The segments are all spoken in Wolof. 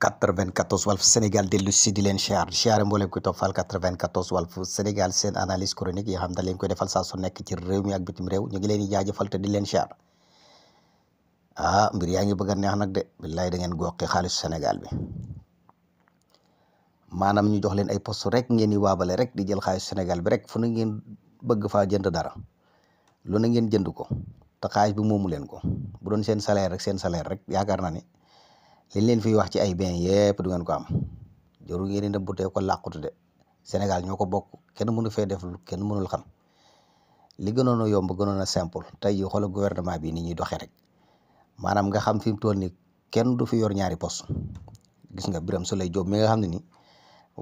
94 Walf Sénégal dellu si di leen siyaar siyaare mboolem kuy toppal 94 Walf Sénégal seen analyse chronique yi xam da leen koy defal saa su nekk ci réew mi ak bitim réew ñu ngi leen di jaajëfal te di leen siyaar ah mbir yaa ngi bëgg a neex nag de billaay da ngeen goqi xaalisu senegal bi maanaam ñu jox leen ay post rek ngeen di waabale rek di jël xaalis Sénégal bi rek fo na ngeen bëgg faa jënd dara lu na ngeen jënd ko te xaalis bi moomu leen ko bu doon seen salaire rek seen salaire rek yaakaar naa liñ leen fiy wax ci ay bien yëpp du ko am jarul ngeen dem bu tee ko làqutu de Sénégal ñoo ko bokk kenn mënu fee def kenn mënul xam li gënoon a yomb gënoon a simple tey jii xoolal gouvernement bi ni ñuy doxee rek maanaam nga xam fi mu toll nii kenn du fi yor ñaari post gis nga Birame Souleye Diop mi nga xam ne nii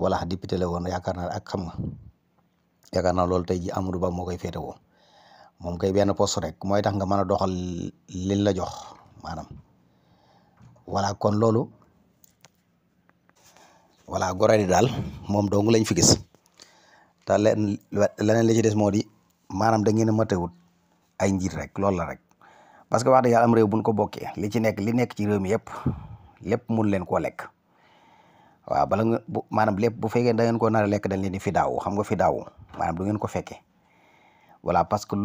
wala député la woon yaakaar naa ak xam nga yaakaar naa loolu tey jii Amadou Ba moo koy féetewoo moom kay benn poste rek mooy tax nga mën a doxal liñ la jox maanaam. voilà kon loolu voilà goré di daal moom dong lañ fi gis te leen leneen li ci des moo di maanaam da ngeen a matewut ay njiit rek loolu la rek parce que wax dëgg yàlla am réew ko bokkee li ci nekk li nekk ci réew mi yëpp lépp mun leen koo lekk waaw bala nga bu maanaam lépp bu fekkee da koo nar lekk dañ leen di fi daaw xam nga fi daaw maanaam du ngeen ko fekkee voilà parce que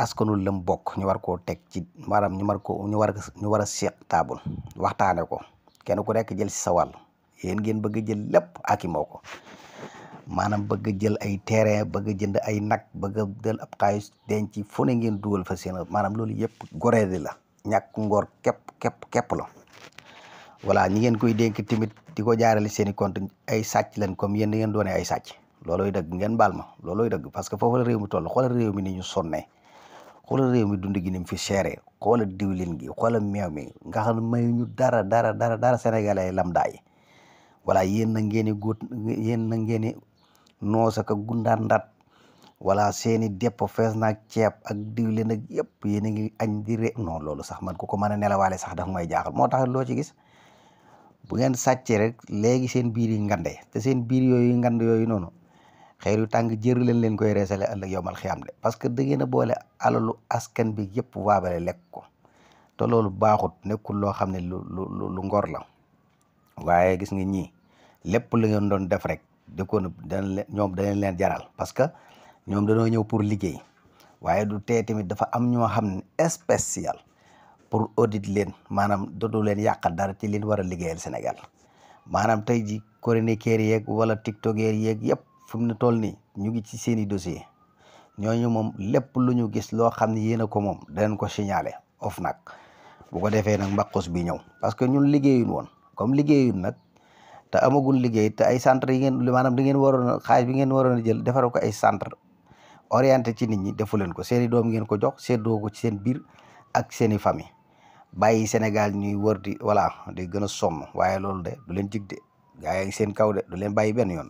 askanu lëm bokk ñu war koo teg ci maanaam ñu war ko ñu war ñu war a seq taabul waxtaane ko kenn ku nekk jël si sa wàll yéen ngeen bëgg a jël lépp akimoo ko maanaam bëgg jël ay terrain bëgg jënd ay nag bëgg a jël ab xaalis denc fu ne ngeen dugal fa seen maanaam loolu yëpp goree di la ñàkk ngor képp képp képp la voilà ñi ngeen koy dénk tamit di ko jaarale seen i compte ay sàcc lañ comme yéen ngeen doonee ay sàcc looloy dëgg ngeen baal ma looloy dëgg parce que foofu la réew mi toll xoolal réew mi ni ñu sonnee wala réew mi dund gi mu fi seeree xoolal diwlin gi xoolal meew mi nga xam mayu mayuñu dara dara dara dara sénégalais lambda yi voilà yéen na ngeen i góot yéen ngeen i noosaka gundaan ndat wala seen i dépp fees naag ceeb ak diwlin ak yëpp yéen a ngi añ di ree loolu sax man ko ko mën a nelawaale sax dafa may jaaxal moo tax loo ci gis bu ngeen sàccee rek léegi seen biir ngande te seen biir yooyu ngande yooyu noonu xeer yu tàng jër leen leen koy reesale ëllëg yowmal xiyaam de parce que da ngeen a boole askan bi yëpp waabale lekk ko te loolu baaxut nekkul loo xam ne lu lu lu ngor la waaye gis nga ñii lépp lu ngeen doon def rek di ko dana leen ñoom danañ leen jaral parce que ñoom dañoo ñëw pour liggéey waaye du tee tamit dafa am ñoo xam ne spécial pour audit leen maanaam dootu leen yàqal dara ci leen war a liggéeyal Sénégal maanaam tey ji chroniqueur yeeg wala tiktoker yeeg yëpp. fu mu ne toll nii ñu ngi ci seen i dossier ñooñu moom lépp lu ñu gis loo xam ne yéen a ko moom danañ ko signalé of nag bu ko defee nag mbaqus bi ñëw parce que ñun liggéeyuñ woon comme liggéeyuñ nag te amagul liggéey te ay centre yi ngeen maanaam di ngeen waroon a bi ngeen waroon a jël defar ko ay centre orienté ci nit ñi defu leen ko seen doom ngeen ko jox seddoo ko ci seen biir ak seen i famille bàyyi Sénégal ñuy wër di voilà di gën a sonn waaye loolu de du leen jig de gaa yaa ngi seen kaw de du leen bàyyi benn yoon.